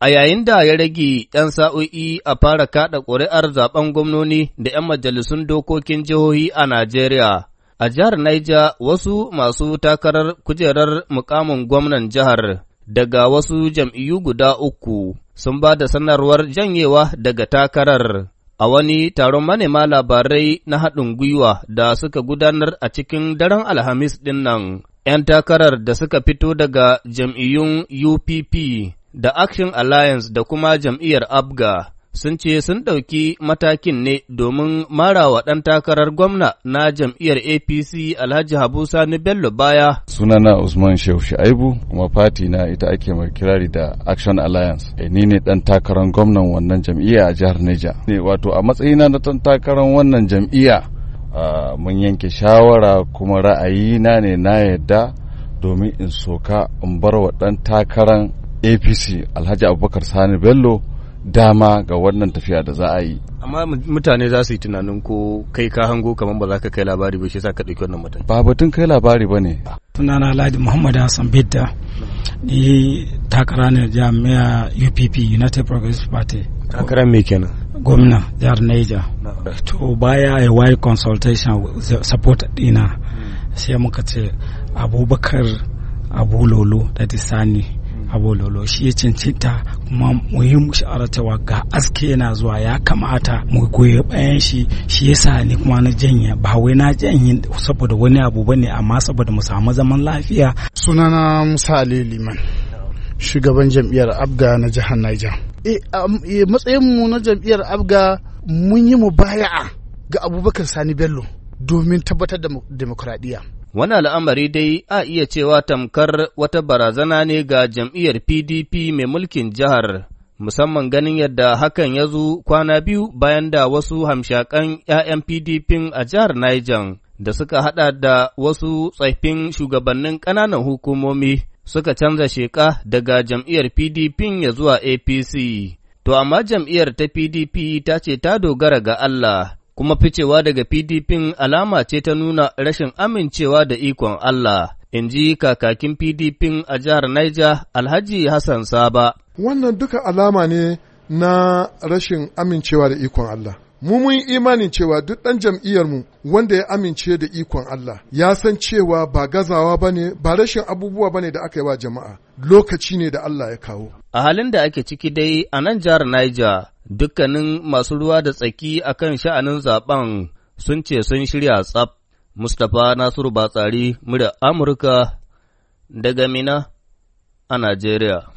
A yayin da ya rage ‘yan sa'o'i a fara kaɗa ƙuri'ar zaben gwamnoni da ‘yan majalisun dokokin jihohi a Najeriya, a jihar Niger wasu masu takarar kujerar mukamin gwamnan jihar daga wasu jam'iyyu guda uku sun ba da sanarwar janyewa daga takarar a wani taron manema labarai na haɗin gwiwa da suka gudanar a cikin daren Alhamis ɗin nan. ‘Yan takarar da suka fito daga jam'iyyun UPP da Action Alliance da kuma jam'iyyar Abga sun ce sun ɗauki matakin ne domin marawa ɗan takarar gwamna na jam'iyyar APC Alhaji Habu Sani Bello baya. Sunana Usman Shehu Shaibu kuma fati na ita ake mai kirari da Action Alliance. E, ni ne ɗan takarar gwamnan wannan jam'iyya a jihar Neja. Ne wato a matsayina na ɗan takarar wannan jam'iyya mun yanke shawara kuma ra'ayina ne na yadda domin in soka in bar wa ɗan takarar apc alhaji abubakar sani bello dama ga wannan tafiya da za a yi amma mutane za su yi tunanin ko kai ka hango kamar ba za ka kai labari ba shi sa ka ɗauki wannan mutane ba batun kai labari ba ne Tunana alhaji muhammad hassan bidda ni takara ne jami'a UPP United Progressive Party. Takara me kenan? Gwamna jihar Niger. To baya a wide consultation support dina hmm. sai muka ce Abubakar Abu Lolo da Sani abololo shi ya cancanta kuma muhim sha'ara cewa ga aske yana zuwa ya kamata mu goyi bayan shi shi yasa ni kuma na janye ba wai na janye saboda wani abu bane amma saboda mu samu zaman lafiya sunana Musa Liman shugaban jam'iyyar Abga na jihar Niger e matsayin mu na jam'iyyar Abga mun yi mubaya'a ga Abubakar Sani Bello domin tabbatar da demokradiyya Wani al'amari dai a iya cewa tamkar wata barazana ne ga jam'iyyar PDP mai mulkin jihar, musamman ganin yadda hakan ya zo kwana biyu bayan da wasu hamshakan ‘ya'yan PDP a jihar Niger da suka haɗa da wasu tsaifin shugabannin ƙananan hukumomi suka canza sheƙa daga jam'iyyar PDP ya zuwa APC. To amma jam'iyyar ta PDP ta ce ta dogara ga Allah. kuma ficewa daga PDP alama ce ta nuna rashin amincewa da ikon Allah, in ji kakakin PDP a jihar Niger Alhaji Hassan Saba. Wannan duka alama ne na rashin amincewa da ikon Allah. Mu mun imanin cewa duk ɗan jam'iyyarmu wanda ya amince da ikon Allah ya san cewa ba gazawa ba ne, ba rashin abubuwa ba ne da aka yi wa jama'a, lokaci ne da Allah ya kawo. A halin da ake ciki dai a nan jihar Niger, dukkanin masu ruwa da tsaki a kan sha'anin zaben sun ce sun shirya tsaf. Mustapha Nasiru Batsari, murya Amurka daga Mina a Najeriya.